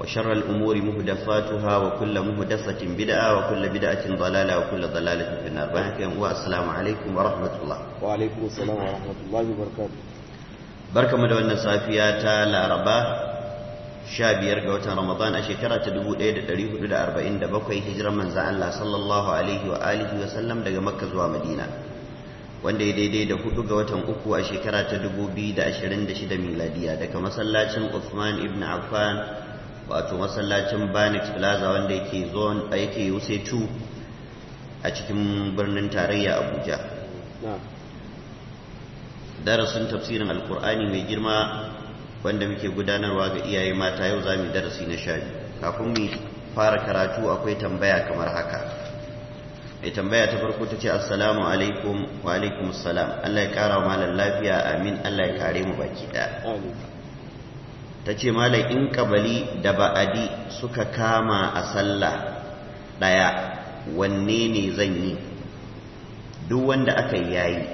وشر الأمور مهدفاتها وكل مهدفة بدعة وكل بدعة ضلالة وكل ضلالة في النار بحكم والسلام عليكم ورحمة الله وعليكم السلام ورحمة الله وبركاته بركة مدونة صافية تعالى رباه sha biyar ga watan ramadan a shekara ta dubu ɗaya da ɗari hudu da arba'in da bakwai hijirar manzan Allah sallallahu alaihi wa wa sallam daga makka zuwa madina wanda ya daidai da hudu ga watan uku a shekara ta dubu miladiya daga masallacin Uthman ibn Affan wato masallacin Banix Plaza wanda yake zone yake Wuse 2 a cikin birnin tarayya Abuja darasin tafsirin alkur'ani mai girma wanda muke gudanarwa ga iyaye mata yau za mu darasi na sha kafin mu fara karatu akwai tambaya kamar haka mai tambaya ta farko ta ce assalamu alaikum wa alaikum assalam Allah ya kara wa malam lafiya amin Allah ya kare mu baki ɗaya ta ce malam in kabali da ba'adi suka kama a sallah ɗaya wanne ne zan yi duk wanda aka yi yayi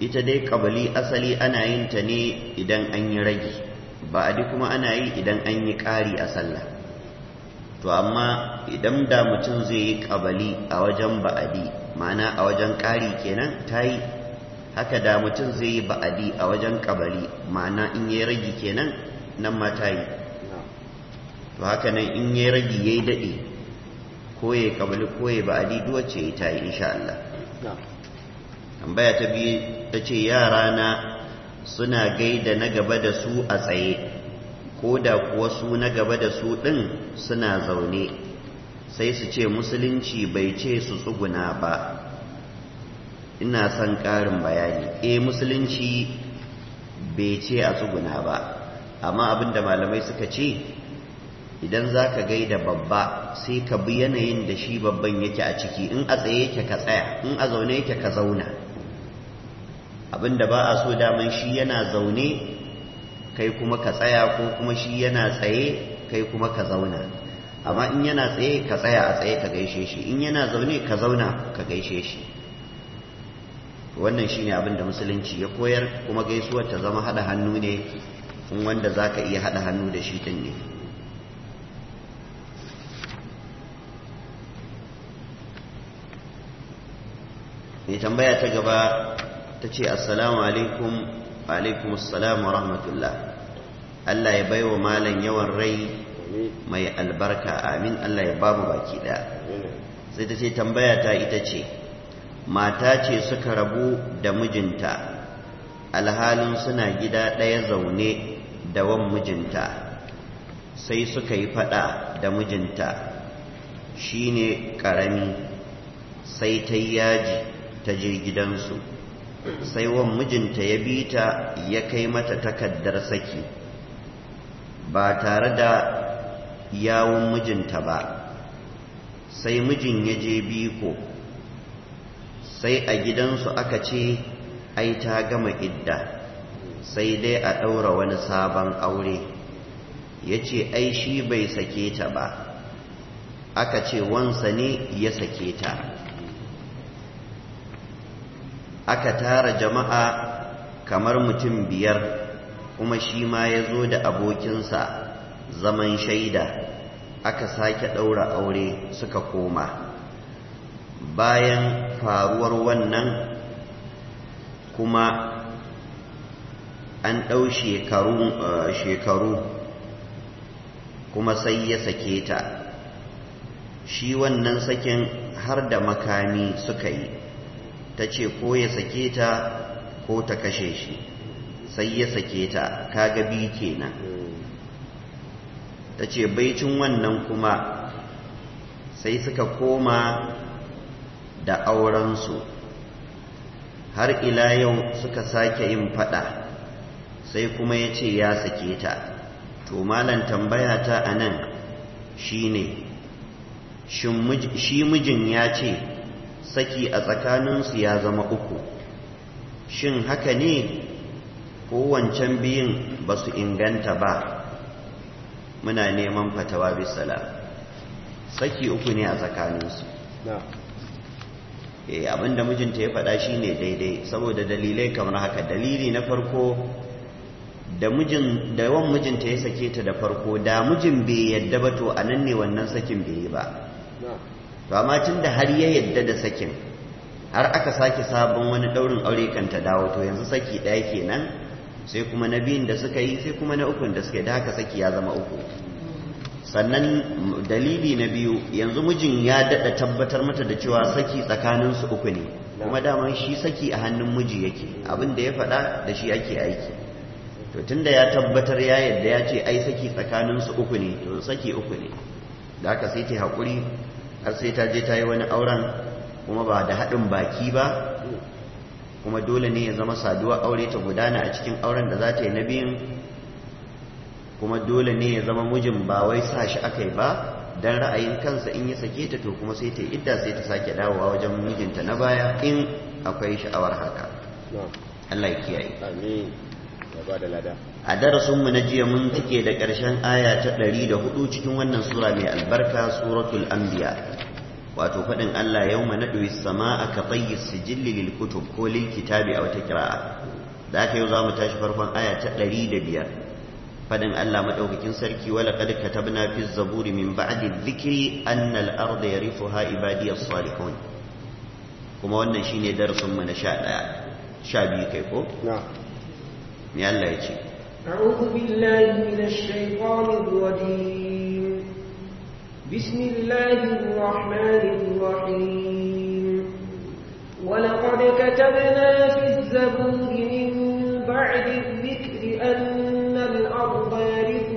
ita dai kabali asali ana yin ta ne idan an yi rage ba'adi kuma ana yi idan an yi ƙari a sallah to amma idan da mutum zai yi kabali a wajen ba'adi ma'ana a wajen ƙari kenan ta yi haka da mutum zai yi ba'adi a wajen kabari ma'ana in yi ragi kenan nan mata yi to haka nan in yi ragi ya yi daɗe ko ya kabali ko ya ba'adi duwace ya ta yi insha Allah tambaya ta biyu ta ce yara na suna gaida na gaba da su a tsaye ko da kuwa su na gaba da su ɗin suna zaune sai su ce musulunci bai ce su tsuguna ba ina son ƙarin bayani 'E, musulunci bai ce a tsuguna ba amma abin da malamai suka ce idan za ka gaida babba sai ka bi yanayin da shi babban yake a ciki in a tsaye yake ka tsaya in a zaune yake ka zauna Abin da ba a so daman shi yana zaune kai kuma ka tsaya ko kuma shi yana tsaye kai kuma ka zauna amma in yana tsaye ka tsaya a tsaye ka gaishe shi in yana zaune ka zauna ka gaishe shi wannan shine abin da musulunci ya koyar kuma gaisuwar ta zama hada hannu ne in wanda za ka iya hada hannu da shi tun ne mai tambaya ta gaba ta ce assalamu alaikum alaikum assalamu rahmatullah Allah ya baiwa malam yawan rai mai albarka amin Allah ya mu baki da sai ta ce tambaya ta ita ce mata ce suka rabu da mijinta alhalin suna gida ɗaya zaune da wan mijinta sai suka yi faɗa da mijinta shi ne ƙarami sai ta yaji ta je gidansu sai wan mijinta ya bi ta ya kai mata takardar saki ba tare da yawun mijinta ba sai mijin ya je ko. sai a gidansu aka ce ai ta gama idda sai dai a ɗaura wani sabon aure ya ce ai shi bai sake ta ba aka ce wansa ne ya sake ta aka tara jama'a kamar mutum biyar kuma shi ma ya zo da abokinsa zaman shaida aka sake ɗaura aure suka koma bayan faruwar wannan kuma an ɗau eh, shekaru kuma sai ya sake ta shi wannan sakin har da makami suka yi ta ce ko ya sake ta ko ta kashe shi sai ya sake ta kaga biyu kenan ta ce baicin wannan kuma sai suka koma da aurensu har ila yau suka sake yin fada sai kuma ya ce ya sake ta to malan tambaya ta a nan shi ne shi mijin ya ce saki a tsakaninsu ya zama uku shin haka ne kowancan biyun ba su inganta ba muna neman fatawa bisala saki uku ne a tsakaninsu eh abinda mijinta ya faɗa ne daidai saboda dalilai kamar haka dalili na farko da mijin da yawan mijinta ya sake ta da farko da mijin bai yadda ba to anan ne wannan sakin bai yi ba to amma tun da har ya yadda da sakin har aka sake sabon wani daurin aure kan ta dawo to yanzu saki ɗaya kenan sai kuma na biyun da suka yi sai kuma na ukun da suka yi da haka saki ya zama uku sannan dalili na biyu yanzu mijin ya daɗa tabbatar mata da cewa saki tsakanin su uku ne kuma daman shi saki a hannun miji yake abin da ya faɗa da shi ake aiki to tunda ya tabbatar ya yadda ya ce ai saki tsakanin su uku ne to saki uku ne da haka sai ta haƙuri har sai ta je ta yi wani auren kuma ba da haɗin baki ba kuma dole ne ya zama saduwa aure ta gudana a cikin auren da za ta yi na biyun kuma dole ne ya zama mijin ba wai sa shi aka ba dan ra'ayin kansa in ya sake ta to kuma sai ta idda sai ta sake dawowa wajen mijinta na baya in akwai sha'awar haka Allah ya kiyaye amin ya da lada a darasinmu na jiya mun take da karshen aya ta 104 cikin wannan sura mai albarka suratul anbiya wato faɗin Allah yauma na naɗu sama'a ka tsayi sijilli lil kutub ko lil kitabi a wata kira'a da aka yau za mu tashi farkon aya ta ɗari da biyar فدم الله مدوكين سركي ولقد كتبنا في الزبور من بعد الذكر أن الأرض يرثها عبادي الصالحون كما وانا شيني درس من شابي كيفو نعم يا الله يجي أعوذ بالله من الشيطان الرجيم بسم الله الرحمن الرحيم ولقد كتبنا في الزبور من بعد الذكر أن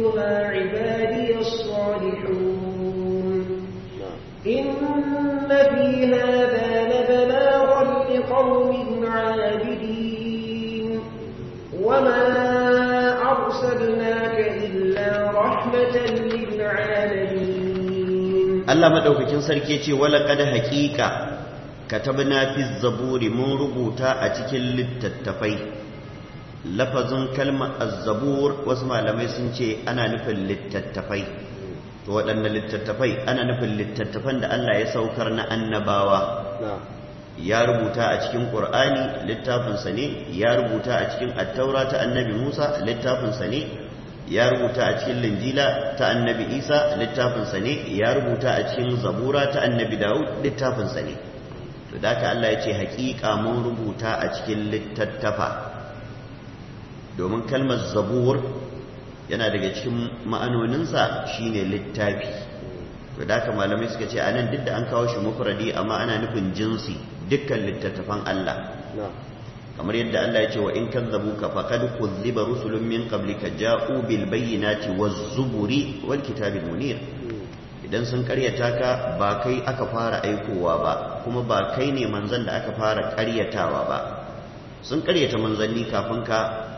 يدخلها عبادي الصالحون إن في هذا لبلاغا لقوم عابدين وما أرسلناك إلا رحمة للعالمين الله مدوكتين سركيتي ولقد حقيقة كتبنا في الزبور من ربوتا أتكل للتتفيه lafazin kalmar azzabur wasu malamai sun ce ana nufin littattafai to waɗannan littattafai ana nufin littattafan da Allah ya saukar na annabawa ya rubuta a cikin ƙur'ani littafinsa ne ya rubuta a cikin attaura ta annabi musa littafinsa ne ya rubuta a cikin linjila ta annabi isa littafinsa ne ya rubuta a cikin zabura ta annabi dawud littafinsa ne to da ka Allah ya ce haƙiƙa mun rubuta a cikin littattafa domin kalmar zabur yana daga cikin ma'anoninsa shine littafi to da haka malamai suka ce anan duk da an kawo shi mufradi amma ana nufin jinsi dukkan littattafan Allah kamar yadda Allah ya ce wa in kazzabuka faqad kuzziba rusulun min qablika ja'u bil bayyinati waz zuburi wal kitabil munir idan sun karyata ka ba kai aka fara aikowa ba kuma ba kai ne manzon da aka fara karyatawa ba sun karyata manzanni kafin ka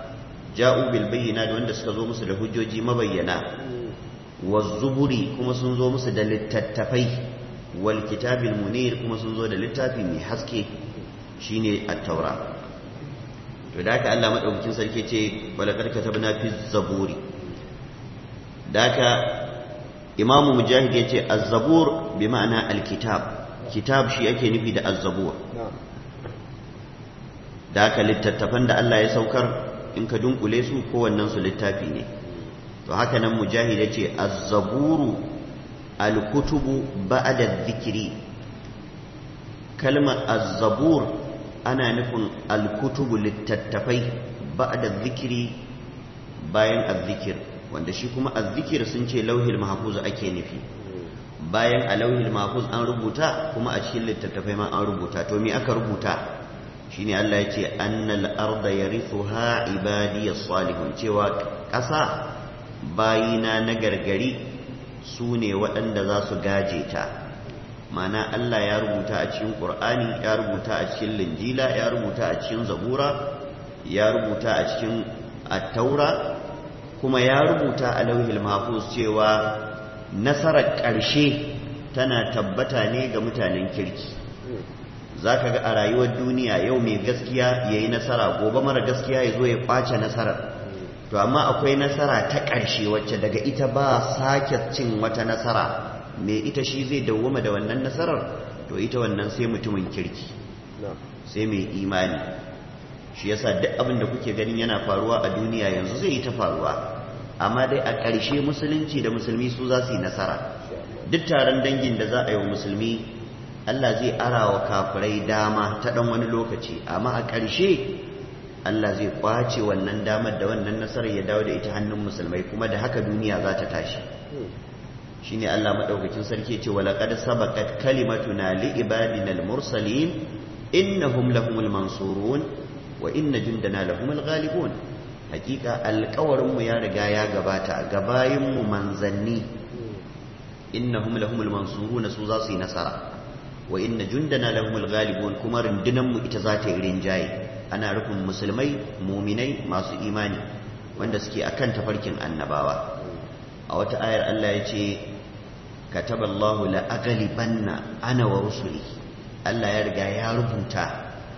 ja'u bil da wanda suka zo musu da hujjoji mabayyana zuburi kuma sun zo musu da littattafai wal kitabil munir kuma sun zo da littafi mai haske shine at-taura to da haka Allah madaukakin sarki ce balakar katabna fi zaburi da haka imamu mujahid ya ce az-zabur bi ma'ana al-kitab kitab shi ake nufi da az-zabur da haka littattafan da Allah ya saukar in ka dunkule su kowannen su littafi ne to haka nan mujahid yace alkutubu zaburu al ba'da dhikri ana nufin alkutubu littattafai ba'da dhikri bayan az wanda shi kuma azikir sun ce lauhil mahfuz ake nufi bayan a lauhil mahfuz an rubuta kuma a cikin littattafai ma an rubuta to me aka rubuta shine Allah ya ce annal arda yarithuha ibadiy salihun cewa ƙasa bayina na gargari su ne waɗanda za su gaje ta mana Allah ya rubuta a cikin Qur'ani ya rubuta a cikin Linjila ya rubuta a cikin Zabura ya rubuta a cikin Attaura kuma ya rubuta a Lauhil Mahfuz cewa nasarar ƙarshe tana tabbata ne ga mutanen kirki za ka ga a rayuwar duniya yau mai gaskiya ya yi nasara gobe mara gaskiya ya zo ya kwace nasarar to amma akwai nasara ta ƙarshe wacce daga ita ba sake cin wata nasara mai ita shi zai dawwama da wannan nasarar to ita wannan sai mutumin kirki sai mai imani shi yasa duk abin da kuke ganin yana faruwa a duniya yanzu zai yi ta faruwa amma dai a ƙarshe musulunci da musulmi su za su yi nasara duk taron dangin da za a yi wa musulmi Allah zai ara wa kafirai dama ta ɗan wani lokaci amma a ƙarshe Allah zai kwace wannan damar da wannan nasarar ya dawo da ita hannun musulmai kuma da haka duniya za ta tashi shine Allah madaukakin sarki ce wala qad sabaqat kalimatuna li ibadina al-mursalin innahum lahumul mansurun wa inna jundana lahumul ghalibun hakika alƙawarin mu ya riga ya gabata gabayin mu manzanni innahum lahumul mansurun su za su yi nasara wa inna jundana lahumul ghalibun kuma rundunan mu ita za ta yi rinjaye ana rufin musulmai muminai masu imani wanda suke akan tafarkin annabawa a wata ayar Allah ya ce kataballahu la aghlibanna ana wa rusuli Allah ya riga ya rubuta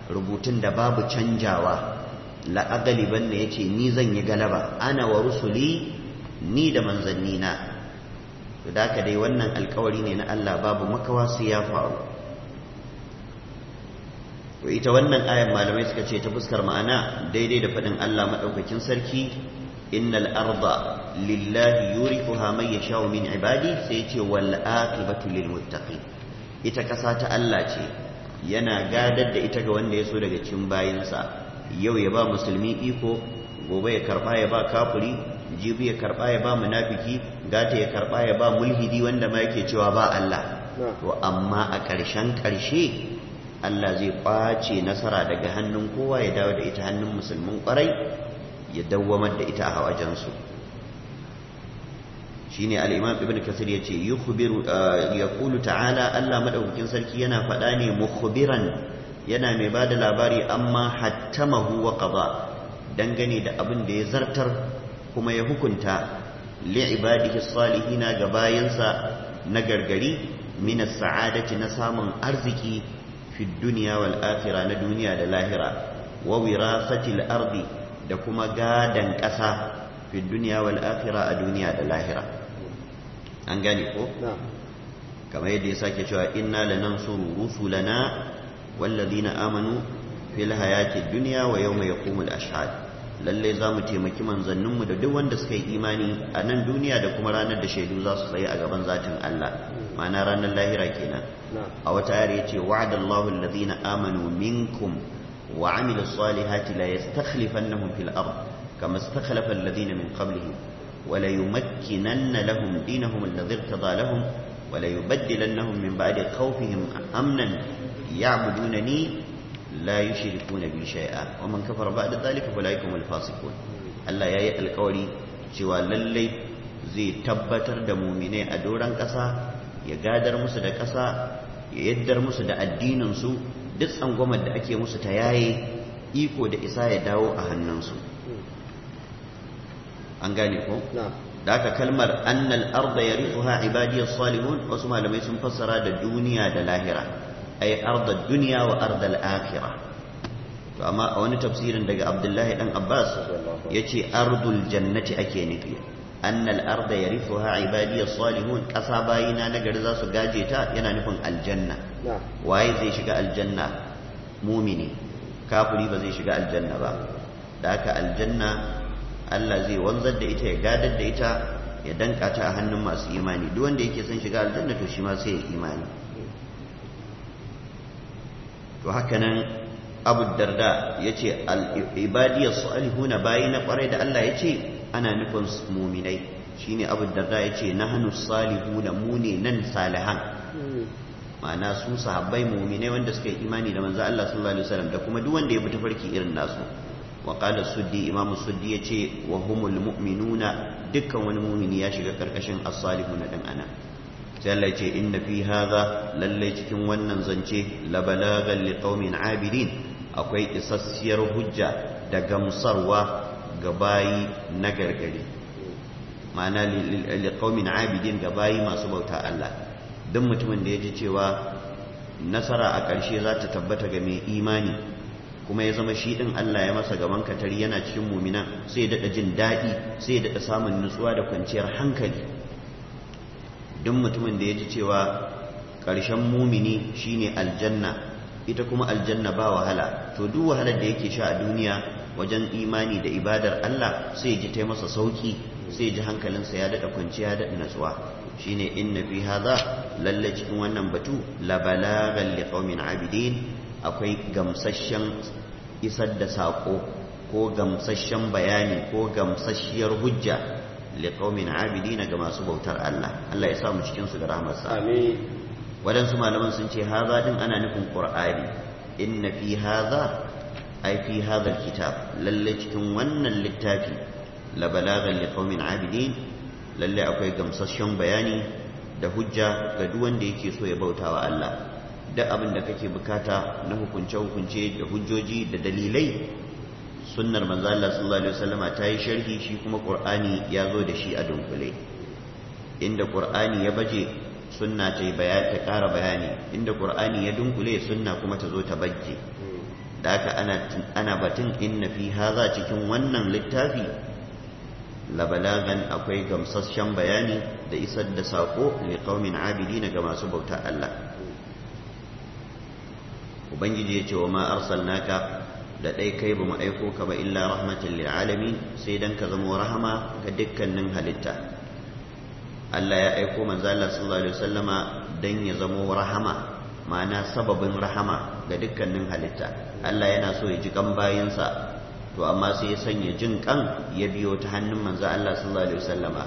rubutun da babu canjawa la aghlibanna yace ni zan yi galaba ana wa rusuli ni da manzannina Da da dai wannan alkawari ne na Allah babu makawa sai ya faru ko ita wannan ayar malamai suka ce ta fuskar ma'ana daidai da faɗin Allah maɗaukakin sarki innal arda lillahi yurifuha man yasha'u min ibadi sai ya ce wal aqibatu lil muttaqin ita kasa ta Allah ce yana gadar da ita ga wanda ya so daga cikin bayinsa yau ya ba musulmi iko gobe ya karba ya ba kafiri jibi ya karba ya ba munafiki gata ya karba ya ba mulhidi wanda ma yake cewa ba Allah to amma a ƙarshen ƙarshe Allah zai kwace nasara daga hannun kowa ya dawo da ita hannun musulmin kwarai ya dawwamar da ita a hawajensu shine al-imam ibn kasir yace yukhbiru kulu uh, ta'ala Allah madaukakin sarki yana faɗa ne mukhbiran yana mai bada labari amma hattamahu wa ƙaba dangane da abin da ya zartar kuma ya hukunta li'ibadihi salihina ga bayansa na gargari min as-sa'adati na samun arziki fi duniya wal akhirah na duniya da lahira wa wirasatil ardi da kuma gadan ƙasa fi duniya wal akhirah a duniya da lahira an gane ko kamar yadda ya sake cewa inna lanansuru rusulana na amanu fil hayatid dunya wa yawma yaqumul ashhad lallai za mu taimaki manzanninmu da duk wanda suka yi imani a nan duniya da kuma ranar da shaidu za su tsaye a gaban zatin Allah ma'ana ranar lahira kenan a wata ayar yace wa'adallahu alladhina amanu minkum wa amilu salihati la yastakhlifannahum fil ard kama istakhlafa alladhina min qablihim wa la yumakkinanna lahum dinahum alladhi irtada lahum wa la yubaddilannahum min ba'di khawfihim amnan ya'budunani la yushrikuna bi shai'a wa man kafara ba'da zalika fa laikum al-fasiqun Allah yayi alƙawari cewa lallai zai tabbatar da mu'minai a doron ƙasa ya gadar musu da ƙasa ya yaddar musu da addinin su duk tsangwamar da ake musu ta yaye iko da isa ya dawo a hannunsu an gane ko da aka kalmar annal arda yarithuha ibadiyas salihun wasu malamai sun fassara da duniya da lahira ay ardad duniya wa ardal akhirah to amma a wani tafsirin daga abdullahi dan abbas yace ardul jannati ake nufi annal arda yarithuha ibadiy salihun kasa bayina na gari za su gaje ta yana nufin aljanna waye zai shiga aljanna mumini kafiri ba zai shiga aljanna ba da haka aljanna Allah zai wanzar da ita ya gadar da ita ya danka ta a hannun masu imani duk wanda yake son shiga aljanna to shi ma sai ya imani to haka nan abu darda ya ce al'ibadiyar salihuna bayi na kwarai da Allah ya ce ana nufin muminai shi ne abu darda ya ce na hannu salihuna mu ne nan salihan ma'ana su sahabbai muminai wanda suka yi imani da manzo Allah sallallahu alaihi wasallam da kuma duk wanda ya bi farki irin nasu wa qala suddi imamu suddi ya ce wa humul mu'minuna dukkan wani mumini ya shiga karkashin as-salihuna din anan sai ce inna fi hadha lalle cikin wannan zance la balagan qaumin abidin akwai isassiyar hujja da gamsarwa ga bayi na gargare ma'ana qaumin abidin ga bayi masu bauta Allah duk mutumin da ya ji cewa nasara a ƙarshe za ta tabbata ga mai imani kuma ya zama shi ɗin Allah ya masa gaban katari yana cikin muminan sai ya daɗa jin daɗi sai ya daɗa samun nutsuwa da kwanciyar hankali duk mutumin da ya ji cewa ƙarshen mumini shine aljanna ita kuma aljanna ba wahala to duk wahalar da yake sha a duniya wajen imani da ibadar Allah sai ji ta masa sauki sai ji hankalinsa ya daɗa kwanciya ya daɗa natsuwa shine inna fi hadha lalle cikin wannan batu la balaghan liqaumin abidin akwai gamsashen isar da saƙo ko gamsashen bayani ko gamsashiyar hujja liqaumin abidina ga masu bautar Allah Allah ya sa mu cikin su da rahmarsa waɗansu malaman sun ce haza din ana nufin qur'ani inna fi haza ai fi hadha alkitab lalle cikin wannan littafi la balagan liqaumin abidin lalle akwai gamsasshen bayani da hujja ga duk wanda yake so ya bautawa Allah duk abin da kake bukata na hukunce hukunce da hujjoji da dalilai sunnar manzo Allah sallallahu alaihi wasallama ta yi sharhi shi kuma qur'ani ya zo da shi a dunkule inda qur'ani ya baje sunna ta yi bayani ta ƙara bayani inda qur'ani ya dunkule sunna kuma ta zo ta bajje da haka ana ana batun inna fi hadha cikin wannan littafi labalagan akwai gamsasshen bayani da isar da sako li qaumin abidina ga masu bauta Allah ubangiji ya ce wa ma arsalnaka da ɗai kai ba mu aiko ka ba illa rahmatan lil alamin sai dan ka zama rahama ga dukkanin halitta Allah ya aiko manzo Allah sallallahu alaihi wasallama dan ya zama rahama ma'ana sababin rahama ga dukkanin halitta Allah yana so ya ji kan bayansa to amma sai ya sanya jin kan ya biyo ta hannun manzo Allah sallallahu alaihi wasallama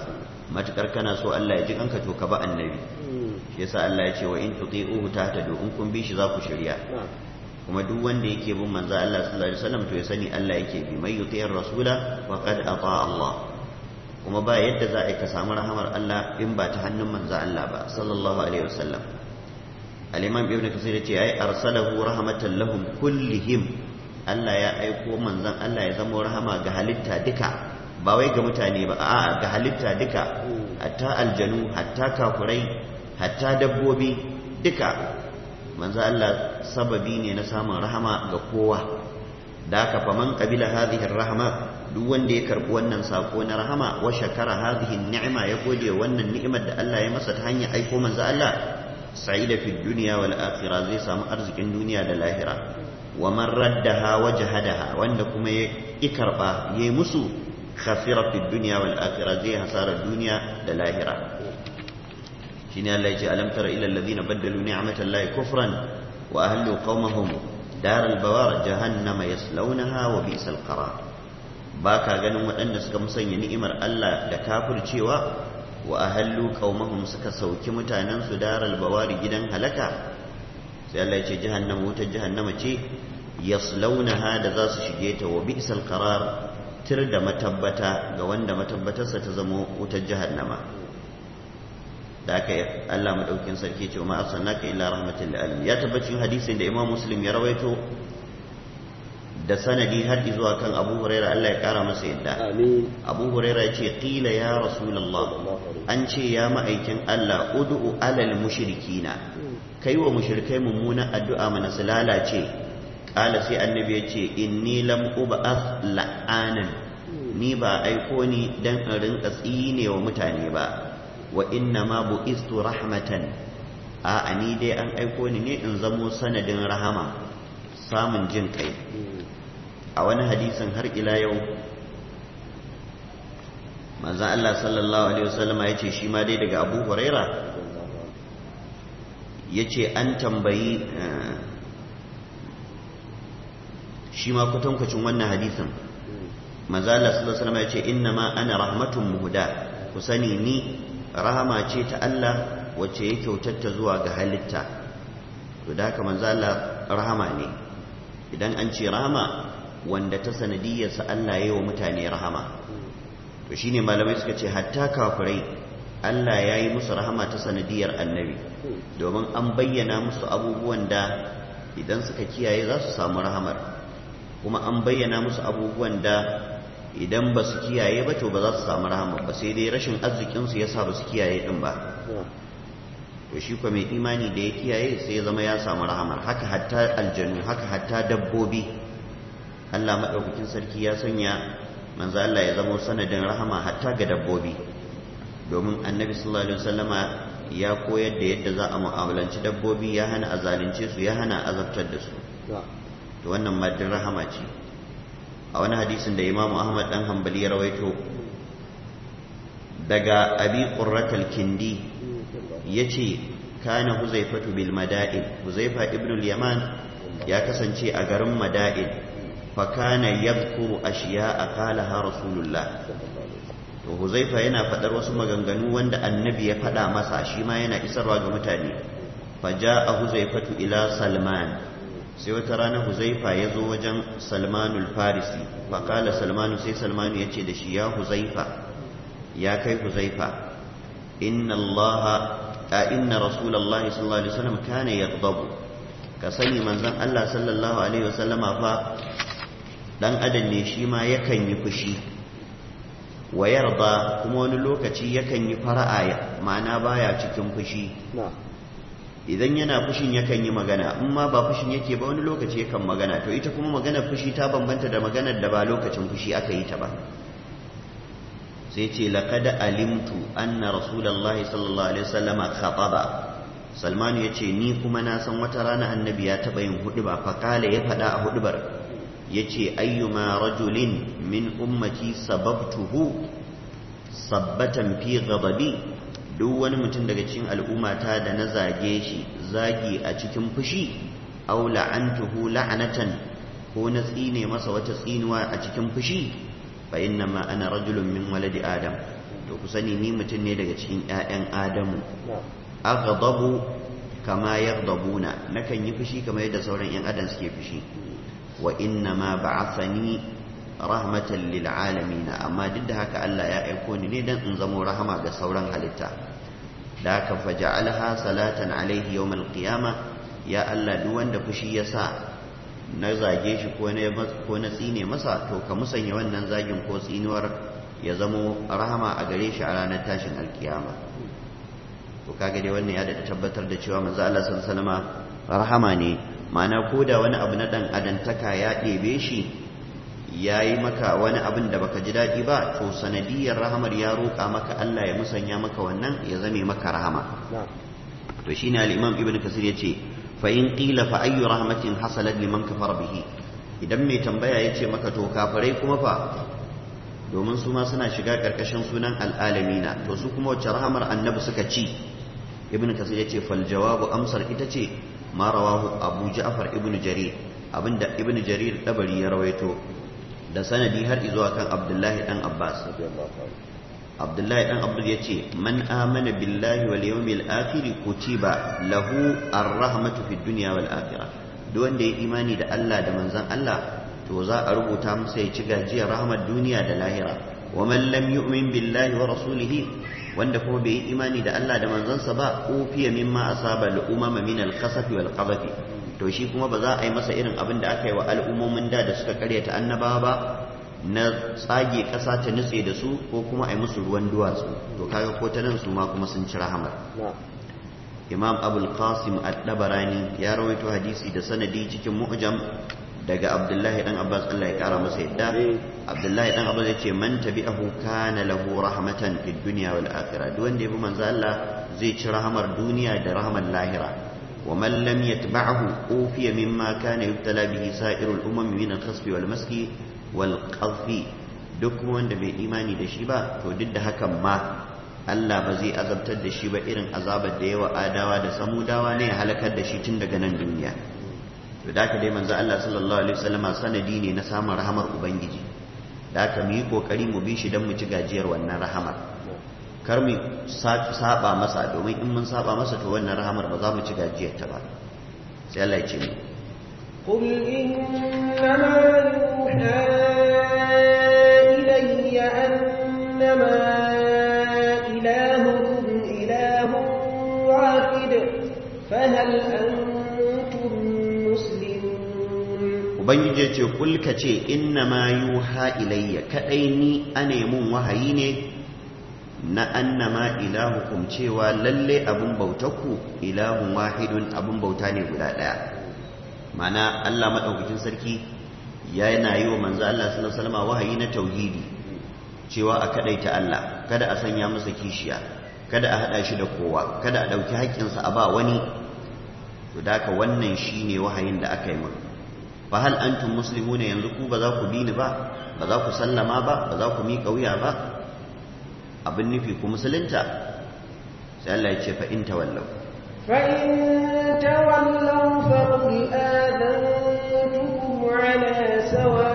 matukar kana so Allah ya ji kanka to ka ba annabi hmm. shi yasa Allah ya ce wa in tuti'uhu tahtadu in kun bi shi za ku shirya kuma duk wanda yake bin manzo Allah sallallahu alaihi wasallam to ya sani Allah yake bi mai yutiyar rasula wa qad ata Allah kuma ba yadda za a ka samu rahamar Allah in ba ta hannun manzo Allah ba sallallahu alaihi wasallam al-imam ibnu kasir yace ai arsalahu rahmatan lahum kullihim Allah ya aiko manzon Allah ya zama rahama ga halitta duka ba wai ga mutane ba a'a ga halitta duka hatta aljanu hatta kafurai hatta dabbobi duka manzo Allah sababi ne na samun rahama ga kowa da haka faman qabila hadhihi rahama duk wanda ya karbi wannan sako na rahama wa shakara hadhihi ni'ma ya gode wannan ni'imar da Allah ya masa ta hanyar aiko manzo Allah sa'ida fi dunya wal akhirah zai samu arzikin duniya da lahira wa man raddaha wa jahadaha wanda kuma ya ki karba yayi musu khasira fi dunya wal akhirah zai hasara duniya da lahira shine Allah ya ce alam tara ila alladhina baddalu ni'matallahi kufran wa ahlu qaumahum daral bawar jahannama yaslawnaha wa bi'sal qarar baka ganin waɗanda suka musanya ni'imar Allah da kafircewa wa ahallu qaumahum suka sauki mutanen su daral bawari gidan halaka sai Allah ya ce wutar jahannama ce yaslaunaha da za su shige ta wa bi'sal qarar tir da matabbata ga wanda matabbatarsa ta zamo wutar jahannama da aka Allah madaukin sarki ce ma ka illa rahmatin lil alamin ya tabbacin hadisin da Imam Muslim ya rawaito da sanadi har zuwa kan Abu Huraira Allah ya kara masa yadda amin Abu Huraira ce qila ya rasulullah an ce ya ma'aikin Allah ud'u alal mushrikina kai wa mushrikai mummunan addu'a mana su lalace qala sai annabi yace inni lam ub'ath la'anan ni ba aiko ni dan in rinka tsine wa mutane ba wa inna ma bu'istu rahmatan a ani dai an aiko ni ne in zamo sanadin rahama samun jin kai a wani hadisin har ila yau manzan Allah sallallahu alaihi wasallam ya ce shi ma dai daga Abu Huraira ya ce an tambayi eh, shi ma kwatankwacin wannan hadisin manzan Allah sallallahu alaihi wasallam ya ce inna ma ana rahmatun muhuda ku sani ni rahama ce ta Allah wacce ya kyautatta zuwa ga halitta to da haka manzo rahama ne idan an ce rahama wanda ta sa Allah ya yi wa mutane rahama to shine malamai suka ce hatta kafirai Allah ya yi musu rahama ta sanadiyar annabi domin an bayyana musu abubuwan da idan suka kiyaye za su samu rahamar kuma an bayyana musu abubuwan da idan ba su kiyaye ba to ba za su samu rahama ba sai dai rashin arzikinsu ya sa ba su kiyaye din ba to shi kuma mai imani da ya kiyaye sai ya zama ya samu Rahama haka hatta aljanu haka hatta dabbobi Allah madaukakin sarki ya sanya manzo Allah ya zama sanadin rahama hatta ga dabbobi domin annabi sallallahu alaihi wasallama ya koyar da yadda za a mu'amalanci dabbobi ya hana a zalunce su ya hana azabtar da su to wannan madin rahama ce a wani hadisin da imamu ahmad dan hanbali ya rawaito daga abi qurratal kindi yace kana huzaifatu bil mada'in huzaifa ibn al yaman ya kasance a garin mada'in fa kana yadhkuru ashiya'a qalaha rasulullah to huzaifa yana fadar wasu maganganu wanda annabi ya fada masa shi ma yana isarwa ga mutane fa ja'a huzaifatu ila salman sai wata rana huzaifa ya zo wajen salmanul farisi faƙala salmanu sai salmanu ya ce da shi ya huzaifa ya kai huzaifa inna allaha a inna rasulallah sallallahu alaihi wasallam kana yaghdabu ka sani manzon Allah sallallahu alaihi wasallama fa dan adam ne shi ma yakan yi fushi wa yarda kuma wani lokaci yakan yi fara'a ma'ana baya cikin fushi idan yana fushin yakan yi magana in ma ba fushin yake ba wani lokaci yakan magana to ita kuma maganar fushi ta bambanta da maganar da ba lokacin fushi aka yi ta ba sai ce laqad alimtu anna rasulullahi sallallahu alaihi wasallam khataba salman yace ni kuma na san wata rana annabi ya taba yin ba fa kala ya fada a Ya yace ayyuma rajulin min ummati sababtuhu sabbatan fi ghadabi duk wani mutum daga cikin al'ummata da na zage shi zagi a cikin fushi aw la'antuhu la'anatan ko na tsine masa wata tsinuwa a cikin fushi fa inna ma ana rajulun min waladi adam to ku sani ni mutum ne daga cikin 'ya'yan adamu aghdabu kama yaghdabuna nakan yi fushi kamar yadda sauran ƴan adam suke fushi wa inna ma ba'athani rahmatan lil alamin amma duk da haka Allah ya aiko ni ne dan in zamo rahama ga sauran halitta da haka faja'alha salatan alaihi yawmal qiyama ya Allah duk wanda fushi ya sa na zage shi ko na ko na tsine masa to ka musanya wannan zagin ko tsinuwar ya zamo rahama a gare shi a ranar tashin alkiyama to kaga dai wannan ya da tabbatar da cewa manzo Allah sallallahu alaihi rahama ne ma'ana ko da wani abu na dan adantaka ya ɗebe shi ya yi maka wani abin da baka ji daɗi ba to sanadiyar rahamar ya roƙa maka Allah ya musanya maka wannan ya zame maka rahama to shine al-imam ibn kasir yace fa in qila fa ayyu rahmatin hasalat liman kafar bihi idan mai tambaya ce maka to kafirai kuma fa domin su ma suna shiga karkashin sunan al'alamina to su kuma wacce rahamar annabi suka ci ibn kasir yace fal jawabu amsar ita ce ma rawahu abu ja'far ibn jarir abinda ibn jarir dabari ya rawaito da sanadi har zuwa kan abdullahi dan abbas abdullahi dan abdul ya ce man amana billahi wal yawmil akhir kutiba lahu ar-rahmatu fid dunya wal akhirah duk wanda ya imani da Allah da manzon Allah to za a rubuta masa ya ci gajiyar rahmar duniya da lahira wa man lam yu'min billahi wa rasulihi wanda kuma bai yi imani da Allah da manzansa ba ko mimma asaba al-umama min al kasafi wal qadhafi to shi kuma ba za a yi masa irin abin da aka yi wa al'ummomin da da suka karyata annabawa ba na tsage ƙasa ta nutse da su ko kuma a yi musu ruwan duwatsu to kaga ko ta nan su ma kuma sun ci rahamar imam abul qasim ad-dabarani ya rawaito hadisi da sanadi cikin mu'jam daga abdullahi dan abbas Allah ya kara masa yadda abdullahi dan abbas ya ce man tabi'ahu kana lahu rahmatan fid dunya wal akhirah duk wanda ya bi manzo Allah zai ci rahamar duniya da rahamar lahira ومن لم يتبعه أوفي مما كان يبتلى به سائر الأمم من الخصف والمسك والقذف duk wanda bai imani da shi ba to duk da hakan ma Allah ba zai azabtar da shi ba irin azabar da yawa adawa da samudawa ne ya halakar da shi tun daga nan duniya to da ka dai manzo Allah sallallahu alaihi wasallama sanadi ne na samun rahamar ubangiji da ka mu yi kokari mu bi shi dan mu ci gajiyar wannan rahamar kar mu saba masa domin in mun saba masa to wannan rahamar ba za mu ci gajiyar ta ba sai Allah ya ce mu قل inna يوحى إلي أنما إلهكم إله واحد فهل أنتم ce kul ma yi wuha ilayya Kaɗai ni ane mun wahayi ne na annama ilahukum cewa lalle abun bautarku ilahun wahidun abun bauta ne guda ɗaya mana Allah maɗaukakin sarki ya yana yi wa manzo Allah sallallahu alaihi wasallam wahayi na tauhidi cewa a kadaita Allah kada a sanya masa kishiya kada a hada shi da kowa kada a dauki haƙƙinsa a ba wani to daka wannan shine wahayin da aka yi min fa hal antum muslimuna yanzu ku ba za ku bi ba ba za ku sallama ba ba za ku miƙa wuya ba abin nufi ku musulunta sai Allah ya ce fa in tawallaw fa in tawallaw fa qul adantukum ala sawa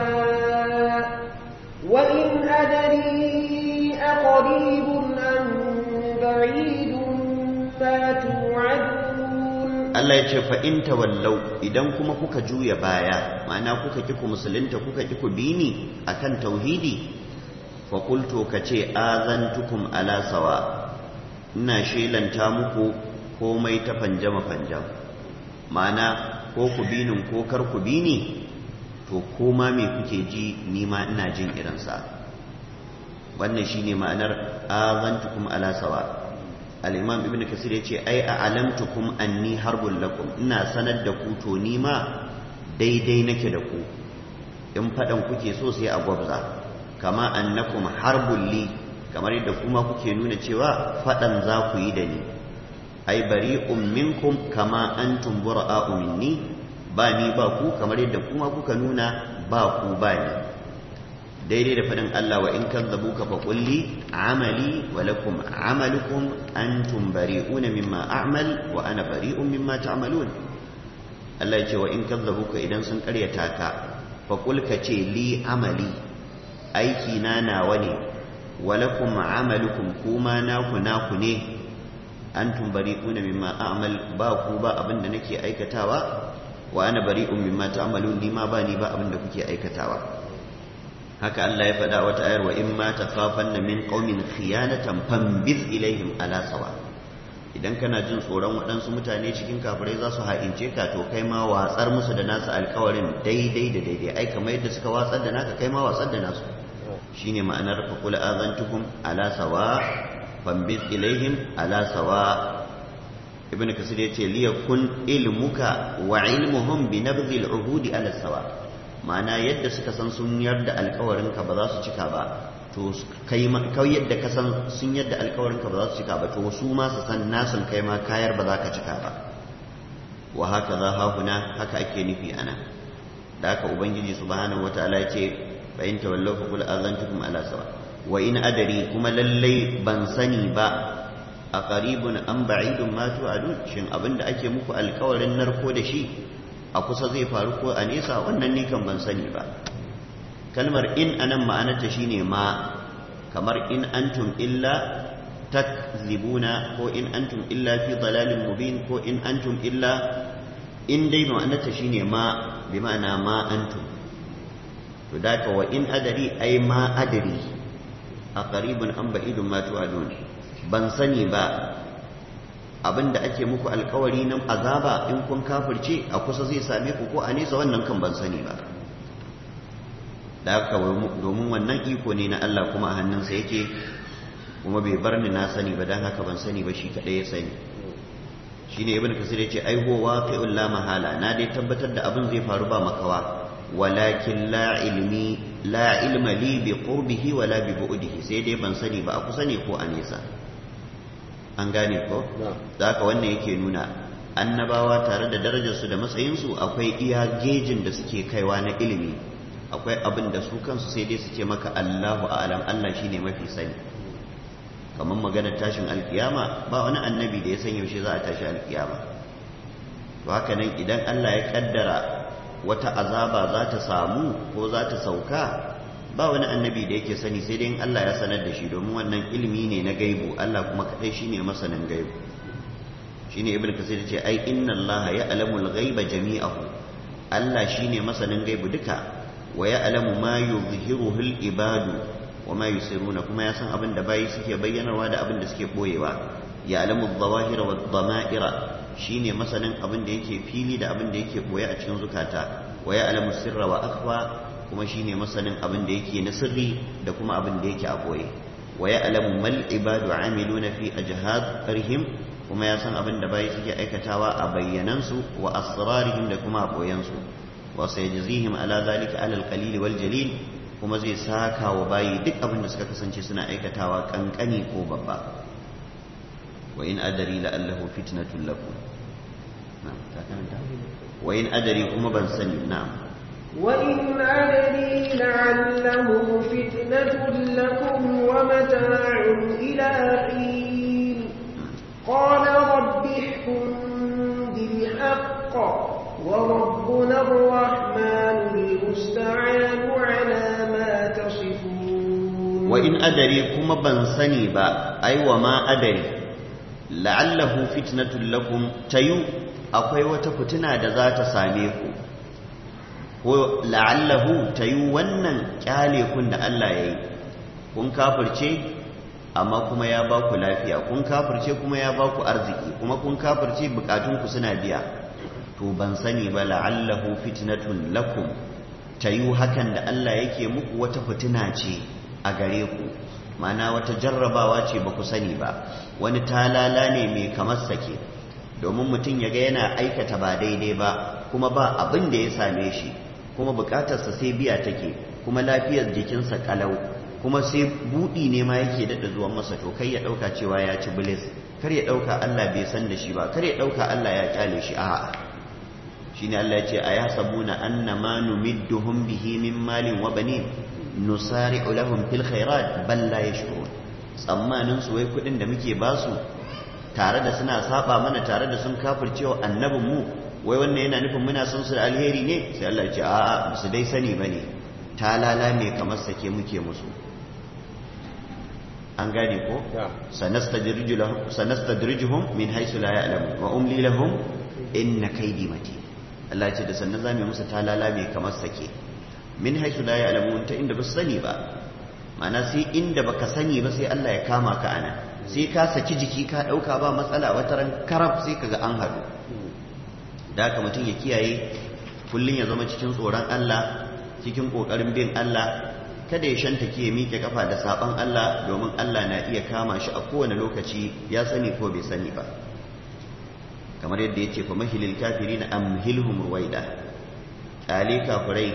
wa in adri aqribun am ba'idun ma tu'adun Allah ya ce fa in idan kuma kuka juya baya ma'ana kuka ki ku musulunta kuka ki ku dini akan tauhidi faƙulto ka ce azantukum ala sawa ina shelanta muku komai ta fanjama-fanjam mana ko ku binin ko kar ku bini to koma me kuke ji nima ina jin irinsa wannan shi ne ma'anar azantukum ala sawa al'imam ibn kasir ya ce ai a alamtukum anni harbun lakum ina sanar da ku to nima daidai nake da ku in faɗan kuke so sai a gwabza kama annakum harbul li kamar yadda kuma kuke nuna cewa fadan za ku yi da ni ai bari'un minkum kama an antum bura'u minni ba ni ba ku kamar yadda kuma kuka nuna ba ku ba ni daidai da fadin Allah wa in kadzabuka fa qulli amali wa lakum amalukum antum bari'una mimma a'mal wa ana bari'un mimma ta'malun Allah ya ce wa in kadzabuka idan sun karyata ka fa qul ka ce li amali aiki na nawa ne walakum amalukum kuma naku naku ne antum bari'una mimma a'mal ba ku ba abin da nake aikatawa wa ana bari'un mimma ta'malun ni ma ba ni ba abin da kuke aikatawa haka Allah ya faɗa wata ayar wa in ma takhafanna min qaumin khiyanatan fambiz ilaihim ala sawa' idan kana jin tsoron waɗansu mutane cikin kafirai za su ha'ince ka to kai ma watsar musu da nasu alkawarin daidai da daidai ai kamar yadda suka watsar da naka kai ma watsar da nasu shine ma'anar faqul azantukum ala sawa fambil ilaihim ala sawa ibnu kasir yace liyakun ilmuka wa ilmuhum bi nabdhi al-uhud ala sawa ma'ana yadda suka san sun yarda alƙawarin ka ba za su cika ba to kai yadda ka san sun yarda alƙawarin ka ba za su cika ba to su ma su san nasun kai ma kayar ba za ka cika ba wa haka za hahuna haka ake nufi ana da haka ubangiji subhanahu wataala yace fa in tawallaw fa qul azantukum ala sawa wa in adari kuma lallai ban sani ba a qaribun an ba'idun ma tu'adun shin abinda ake muku alkawarin narko da shi a kusa zai faru ko a nesa wannan ni kan ban sani ba kalmar in anan ma'anarta shine ma kamar in antum illa takzibuna ko in antum illa fi dalalin mubin ko in antum illa in dai ma'anarta shine ma bi ma'ana ma antum to da ka wa in adari ai ma adari a qaribun an ba'idun ma ban sani ba abinda ake muku alkawari nan azaba in kun kafirce a kusa zai same ku ko a nesa wannan kan ban sani ba da haka domin wannan iko ne na Allah kuma a hannunsa yake kuma bai bar ni na sani ba dan haka ban sani ba shi kadai ya sani shine ibn kasir yace ai huwa waqi'ul la mahala na dai tabbatar da abin zai faru ba makawa walakin la ilmi la wala sai dai ban sani ba a kusa ne ko a nesa an gane ko zaka wannan yake nuna annabawa tare da darajarsu da matsayinsu akwai iya gejin da suke kaiwa na ilimi akwai abin da su kansu sai dai su ce maka Allahu a'lam Allah shine mafi sani kamar maganar tashin alkiyama ba wani annabi da ya san yaushe za a tashi alkiyama to haka nan idan Allah ya kaddara wata azaba za ta samu ko za ta sauka ba wani annabi da yake sani sai dai in Allah ya sanar da shi domin wannan ilimi ne na gaibu Allah kuma kadai shine masanin gaibu shine ibnu kasir ce ai inna Allah ya'lamul ghaiba jami'ahu Allah shine masanin gaibu duka wa ya'lamu ma yuzhiruhu al-ibadu wa ma yusiruna kuma ya san abin da bayi suke bayyanarwa da abin da suke boyewa ya'lamu adh-dhawahira wadh-dhama'ira shine masanin abin da yake fili da abin da yake boye a cikin zukata wa alamu sirra wa akhfa kuma shine masanin abin da yake na sirri da kuma abin da yake a boye wa alamu mal ibadu amiluna fi ajhadihim kuma ya san abin da bayi suke aikatawa a bayyanansu wa asrarihim da kuma a boyansu wa sayajzihim ala zalika ala alqalil wal jalil kuma zai saka wa bayi duk abin da suka kasance suna aikatawa kankani ko babba wa in adari la'allahu fitnatul lakum نعم، وإن أدري هم بنسني نعم وإن أدري لعله فتنة لكم ومتاع إلى حين قال رب احكم بالحق وربنا الرحمن المستعان على ما تصفون وإن أدري كما بنسني با أي وما أدري لعله فتنة لكم تيو akwai wata fitina da za ta same ku ko la'allahu ta yi wannan kyale kun da Allah ya yi kun kafirce amma kuma ya ba ku lafiya kun kafirce kuma ya ba ku arziki kuma kun kafirce bukatunku suna biya to ban sani ba la'allahu fitnatun lakum ta yi hakan da Allah yake muku wata fitina ce a gare ku Ma'ana wata jarrabawa ce ba ku sani ba wani talala ne mai kamar sake domin mutum ya ga yana aikata ba daidai ba kuma ba abin da ya same shi kuma bukatarsa sai biya take kuma lafiyar jikinsa kalau kuma sai buɗi ne ma yake daɗa zuwan masa to kai ya ɗauka cewa ya ci bilis kar ya ɗauka Allah bai san da shi ba kar ya ɗauka Allah ya kyale shi a'a shine Allah ya ce a yasabuna annama numidduhum bihi min malin wa banin nusari'u lahum fil khairat bal la yashkurun tsammanin su wai kuɗin da muke basu tare da suna saba mana tare da sun cewa annabin mu wai wannan yana nufin muna son su da alheri ne sai Allah ya ce a'a su dai sani bane lala ne kamar sake muke musu an gane ko sanastadrijuhum min haisu la ya'lamu wa umli lahum inna kaidi mati Allah ce da sannan zamu musu lala ne kamar sake min haisu la ya'lamu ta inda ba sani ba ma'ana sai inda baka sani ba sai Allah ya kama ka anan sai ka saki jiki ka ɗauka ba matsala wata ran karab sai ka ga an haɗu da haka mutum ya kiyaye kullum ya zama cikin tsoron Allah cikin ƙoƙarin bin Allah kada ya shanta ki ya miƙe kafa da saɓan Allah domin Allah na iya kama shi a kowane lokaci ya sani ko bai sani ba kamar yadda ya ce fa mahilil kafirina amhilhum ruwaida ƙale kafirai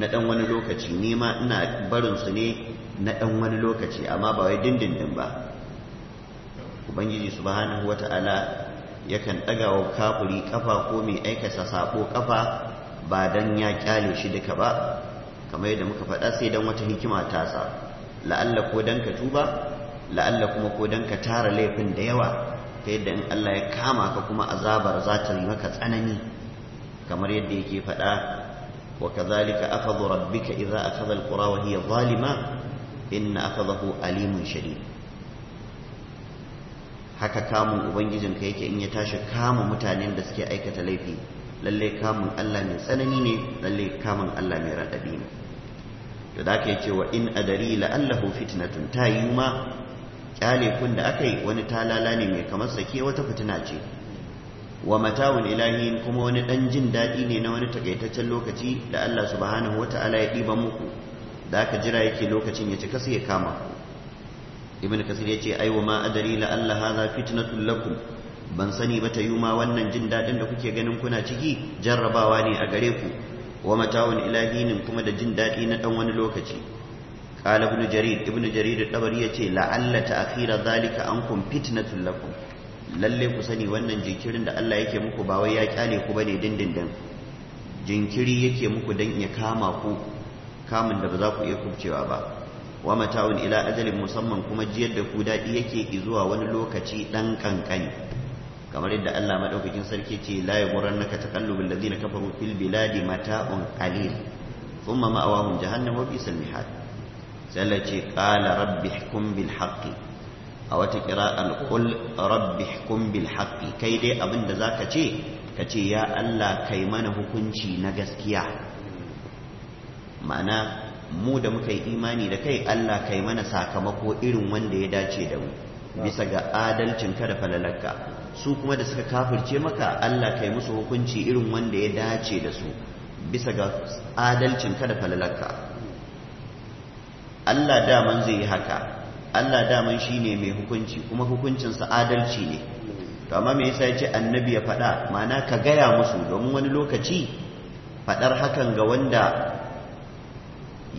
na ɗan wani lokaci nima ma ina barinsu ne na ɗan wani lokaci amma ba wai dindindin ba ubangiji subhanahu wata'ala yakan ɗaga wa kafuri kafa ko mai aikata sabo kafa ba dan ya kyale shi duka ba kamar yadda muka faɗa sai dan wata hikima ta sa la'alla ko dan ka tuba la'alla kuma ko dan ka tara laifin da yawa ta yadda in Allah ya kama ka kuma azabar za ta yi maka tsanani kamar yadda yake faɗa وكذلك أخذ ربك إذا أخذ القرى وهي ظالمة إن أخذه alimun شديد haka kamun ubangijinka yake in ya tashi kama mutanen da suke aikata laifi lalle kamun Allah mai tsanani ne lalle kamun Allah mai raɗaɗi ne to da ka yace wa in adari allahu fitnatun ta ma kyale kun da aka wani talala ne mai kamar sake wata fitina ce wa matawun ilahin kuma wani ɗan jin daɗi ne na wani takaitaccen lokaci da Allah subhanahu wata'ala ya ɗiba muku da aka jira yake lokacin ya cika sai ya kama ku ibn kasir yace ai wa ma adari la alla hadha fitnatul lakum ban sani ba ta yi ma wannan jin daɗin da kuke ganin kuna ciki jarrabawa ne a gare ku wa mata'un ilahinin kuma da jin daɗi na ɗan wani lokaci qala ibn jarir ibn jarir tabari yace la'alla ta'khira zalika ankum fitnatul lakum lalle ku sani wannan jinkirin da Allah yake muku ba wai ya kyale ku bane dindindin jinkiri yake muku dan ya kama ku kamun da ba za ku iya kubcewa ba wa mata'un ila ajalin musamman kuma jiyar da ku daɗi yake zuwa wani lokaci ɗan ƙanƙani kamar yadda Allah maɗaukakin sarki ce la ya gurar naka takallubin ladina kafaru fil biladi mata'un qalil thumma ma'awahum jahannam wa bisal mihad sai Allah ce qala rabbi hukum bil haqqi a wata qira'ar qul rabbi hukum bil haqqi kai dai abin da zaka ce ka ce ya Allah kai mana hukunci na gaskiya ma'ana mu da muka yi imani da kai Allah kai mana sakamako irin wanda ya dace da mu bisa ga adalcinka da falalarka su kuma da suka kafirce maka Allah kai musu hukunci irin wanda ya dace da su bisa ga adalcinka da falalarka Allah daman zai yi haka Allah daman shi ne mai hukunci kuma hukuncinsa adalci ne to amma me yasa ya ce annabi ya faɗa ma'ana ka gaya musu domin wani lokaci faɗar hakan ga wanda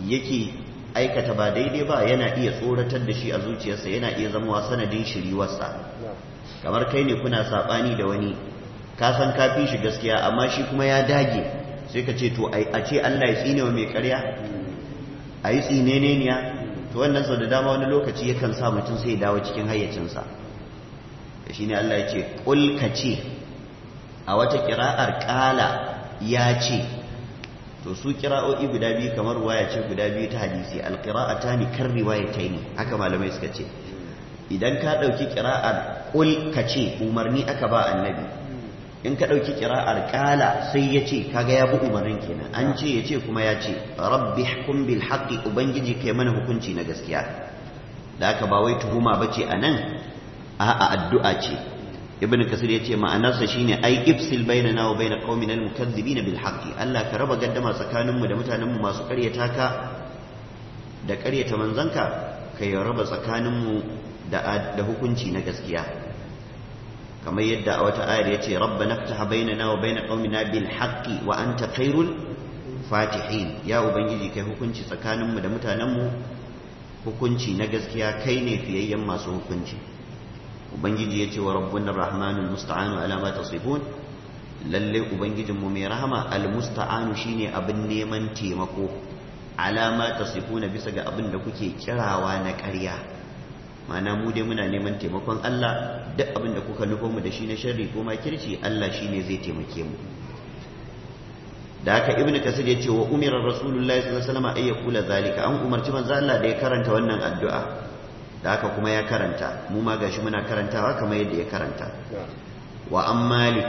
yake aikata ba daidai ba yana iya tsoratar da shi a zuciyarsa yana iya zama wa sanadin shiriwarsa kamar kai ne kuna saɓani da wani ka san ka fi shi gaskiya amma shi kuma ya dage sai ka ce to a ce Allah ya tsine wa mai karya a yi tsine ne niya to wannan sau da dama wani lokaci yakan sa mutum sai ya dawo cikin hayyacinsa shi ne Allah ya ce ƙulka ce a wata ƙira'ar ƙala ya ce to su kira'o'i guda biyu kamar waya ce guda biyu ta hadisi ta kar ne haka malamai suka ce idan ka ɗauki kira'ar ƙul ka ce umarni aka ba annabi in ka ɗauki kira'ar ƙala sai ya ce kaga ya bi umarnin kenan an ce ya ce kuma ya ce rabbi hukum bil ubangiji kai mana hukunci na gaskiya da aka ba wai tuhuma bace a nan a'a addu'a ce ibn kasir yace ma'anarsa shine ai ifsil bainana wa bain al mukaththibin bil haqqi Allah ka raba gaddama tsakaninmu da mutanenmu masu ƙaryata ka da ƙaryata manzanka ka ya raba tsakaninmu da da hukunci na gaskiya kamar yadda a wata ayar yace rabbana ftah bainana wa bain qaumina bil haqqi wa anta khairul fatihin ya ubangiji kai hukunci tsakaninmu da mutanenmu hukunci na gaskiya kai ne fiyayyen masu hukunci ubangiji ya ce wa rabbun rahmanul musta'anu ala ma tasifun lalle ubangijinmu mai rahama al-musta'anu shi shine abin neman taimako alama tasifuna bisa ga abin da kuke kirawa na karya. mana mu dai muna neman taimakon Allah duk abin da kuka nufo mu da shi na sharri ko kirci, Allah shine zai taimake mu da haka ibn kasir ya ce wa umirar rasulullahi sallallahu alaihi wasallam ay yaqula zalika an umarci manzo Allah da ya karanta wannan addu'a da haka kuma ya karanta mu ma gashi muna karantawa kamar yadda ya karanta wa an malik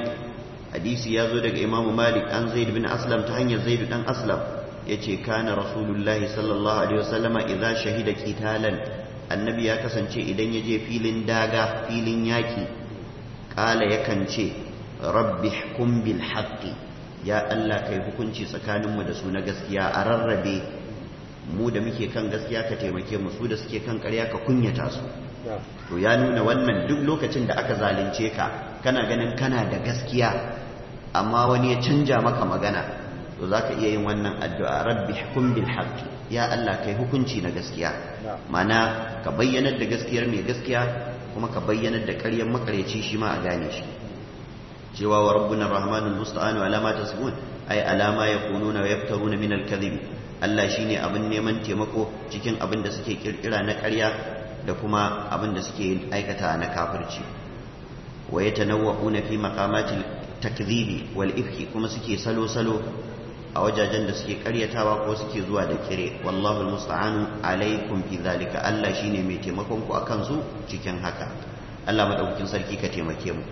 hadisi ya zo daga imamu malik an zaid bin aslam ta hanyar zaid dan aslam Ya yace kana rasulullahi sallallahu alaihi wasallama idza shahida qitalan annabi ya kasance idan ya je filin daga filin yaki kala yakan ce rabbi hukum bil haqqi ya Allah kai hukunci tsakaninmu da su na gaskiya a rarrabe mu da muke kan gaskiya ka taimake mu su da suke kan ƙarya ka kunyata su to ya nuna wannan duk lokacin da aka zalunce ka kana ganin kana da gaskiya amma wani ya canja maka magana to za ka iya yin wannan addu'a rabbi hukum bil haqqi ya Allah kai hukunci na gaskiya mana ka bayyanar da gaskiyar mai gaskiya kuma ka bayyanar da ƙaryar makaryaci shi ma a gane shi cewa wa rabbuna rahmanul wa alama tasbun ay alama yakununa wa yaftaruna min al-kadhib Allah shine abin neman taimako cikin abin da suke kirkira na ƙarya da kuma abin da suke aikata na kafirci wa yatanawwaquna fi maqamatil takdhibi wal ifki kuma suke salo salo a wajajen da suke karyatawa ko suke zuwa da kire wallahu almusta'anu alaikum fi zalika Allah shine mai taimakon ku akan su cikin haka Allah madaukakin sarki ka taimake mu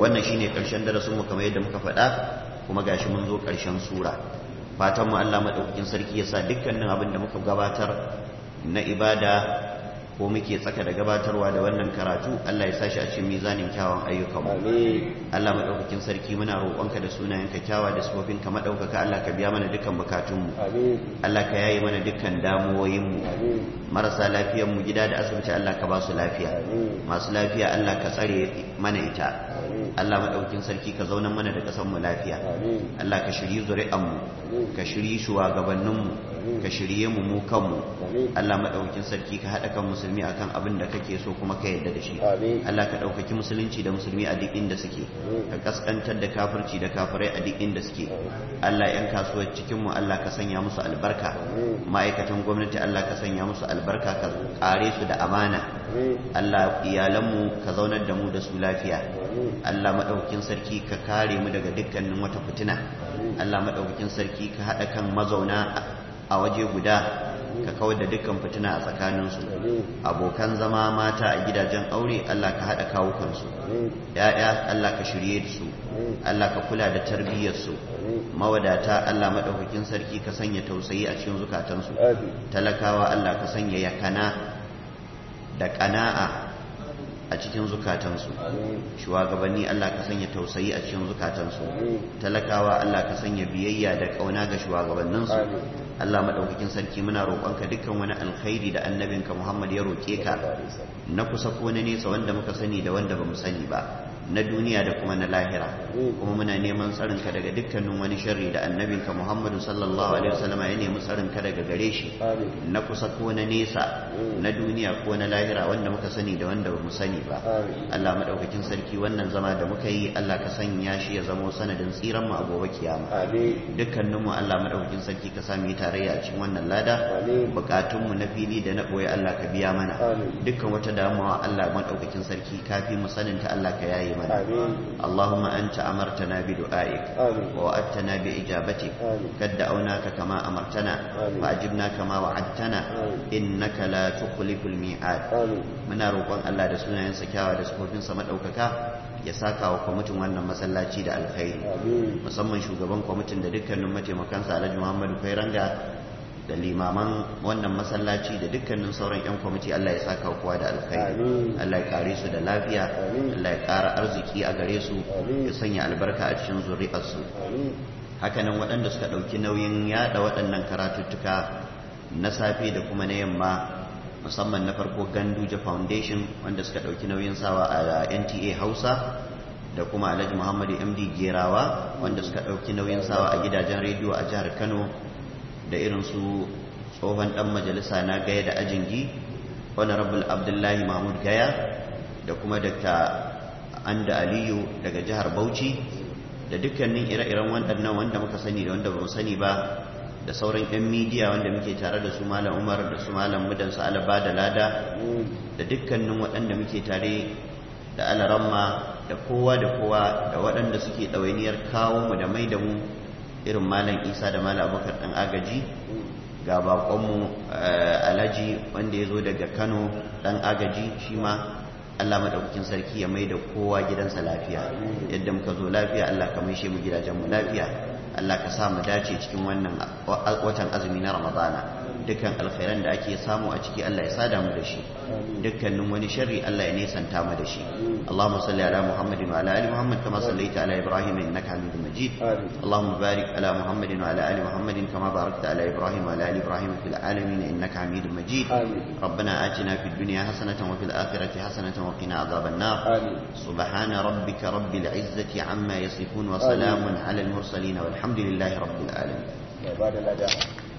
wannan shine karshen darasin mu kamar yadda muka faɗa kuma gashi mun zo karshen sura fatan mu Allah madaukakin sarki yasa dukkanin abin da muka gabatar na ibada ko muke tsaka da gabatarwa da wannan karatu Allah ya sashi a cikin mizanin kyawun ayyukan mu Allah madaukakin sarki muna roƙonka da sunayenka kyawa da sifofin ka madaukaka Allah ka biya mana dukkan bukatun mu Allah ka yaye mana dukkan damuwoyin mu marasa lafiyar mu gida da asibiti Allah ka ba su lafiya masu lafiya Allah ka tsare mana ita Allah madaukakin sarki ka zauna mana da kasan mu lafiya Allah ka shiri zuri'an mu ka shiri shugabannin mu ka shirye mu mu kanmu Allah madaukakin sarki ka hada kan musulmi akan abin da kake so kuma ka yarda da shi Allah ka daukaki musulunci da musulmi a duk inda suke ka kaskantar da kafirci da kafirai a duk inda suke Allah yan kasuwar cikin mu Allah ka sanya musu albarka ma'aikatan gwamnati Allah ka sanya musu albarka ka kare su da amana Allah iyalanmu ka zaunar da mu da su lafiya Allah madaukakin sarki ka kare mu daga dukkanin wata fitina Allah madaukakin sarki ka hada kan mazauna a waje guda ka kawar da dukkan fitina a tsakaninsu abokan zama mata a gidajen aure Allah ka haɗa kawukansu ya'ya Allah ka shirye su Allah ka kula da tarbiyyarsu mawadata Allah maɗaukakin sarki ka sanya tausayi a cikin zukatansu talakawa Allah ka sanya yakana da ƙana'a a cikin zukatansu shugabanni Allah ka sanya tausayi a cikin zukatansu talakawa Allah ka sanya biyayya da kauna ga shugabanninsu Allah madaukakin sarki muna roƙonka dukkan wani alkhairi da annabinka Muhammad ya roke ka na kusa ko na nesa wanda muka sani da wanda bamu sani ba na duniya da kuma na lahira kuma muna neman tsarinka daga dukkanin wani sharri da annabinka Muhammadu sallallahu alaihi wasallam ya nemi tsarinka daga gare shi na kusa ko na nesa mm. na duniya ko na lahira wanda muka sani da wanda bamu sani ba Allah maɗaukakin sarki wannan zama da muka yi Allah ka sanya shi ya zama sanadin tsiran mu a gobe kiyama dukkanin mu Allah maɗaukakin sarki ka sami tarayya a cikin wannan lada bukatun mu na fili da na boye Allah ka biya mana dukkan wata damuwa Allah maɗaukakin sarki kafin mu sanin ta Allah ka yaye mana Allahumma anta amartana bi du'aik wa wa'adtana bi ijabatik kad da'awnaka kama amartana wa ajibna kama wa'adtana innaka la tukhliful mi'ad muna roƙon Allah da sunayen sa kyawa da sifofin maɗaukaka ya saka wa kwamitin wannan masallaci da alkhairi musamman shugaban kwamitin da dukkanin mataimakansa Alhaji Muhammadu Kairanga da limaman wannan masallaci da dukkanin sauran 'yan kwamiti Allah ya saka kowa da alkhairi Allah ya kare su da lafiya Allah ya kara arziki a gare su ya sanya albarka a cikin zuri'arsu hakanan waɗanda suka ɗauki nauyin yaɗa waɗannan karatuttuka na safe da kuma na yamma musamman na farko ganduja foundation wanda suka ɗauki nauyin sawa a nta hausa da kuma alhaji muhammadu md gerawa wanda suka ɗauki nauyin sawa a gidajen rediyo a jihar kano da irin su tsohon dan majalisa na gaya da ajingi honorable abdullahi mahmud gaya da kuma dr anda aliyu daga jihar bauchi da dukkanin ire-iren waɗannan wanda muka sani da wanda ba mu sani ba da sauran 'yan midiya wanda muke tare da su malam umar da su malam mudan su alaba da lada da dukkanin waɗanda muke tare da alaramma da kowa da kowa da waɗanda suke ɗawainiyar kawo mu da mai da mu irin malam isa da malam abubakar ɗan agaji ga bakonmu eh, alhaji wanda ya zo daga kano ɗan agaji shi ma allah maɗaukakin sarki ya mai da kowa gidansa lafiya yadda muka zo lafiya allah ka mai mu gidajenmu lafiya allah ka sa mu dace cikin wannan watan azumi na ramadana dukkan alkhairan da ake samu a ciki Allah ya sada mu da shi dukkanin wani sharri Allah ya nesanta mu da shi Allahumma salli ala Muhammadin wa ala ali Muhammad kama sallaita ala Ibrahim innaka Hamidum Majid Allahumma barik ala Muhammadin wa ala ali Muhammadin kama barakta ala Ibrahim wa ala ali Ibrahim fil alamin innaka Hamidum Majid Rabbana atina fid dunya hasanatan wa fil akhirati hasanatan wa qina adhaban nar subhana rabbika rabbil izzati amma yasifun wa salamun ala al mursalin والحمد لله رب العالمين